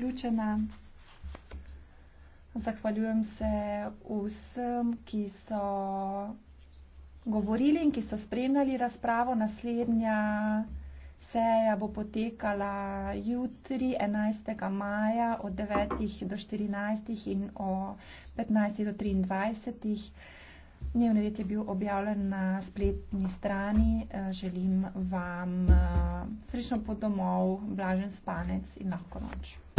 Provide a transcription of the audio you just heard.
vključena. Zahvaljujem se vsem, ki so govorili in ki so spremljali razpravo. Naslednja seja bo potekala jutri 11. maja od 9. do 14. in o 15. do 23. Dnevni red je bil objavljen na spletni strani. Želim vam eh, srečno pot domov, blažen spanec in lahko noč.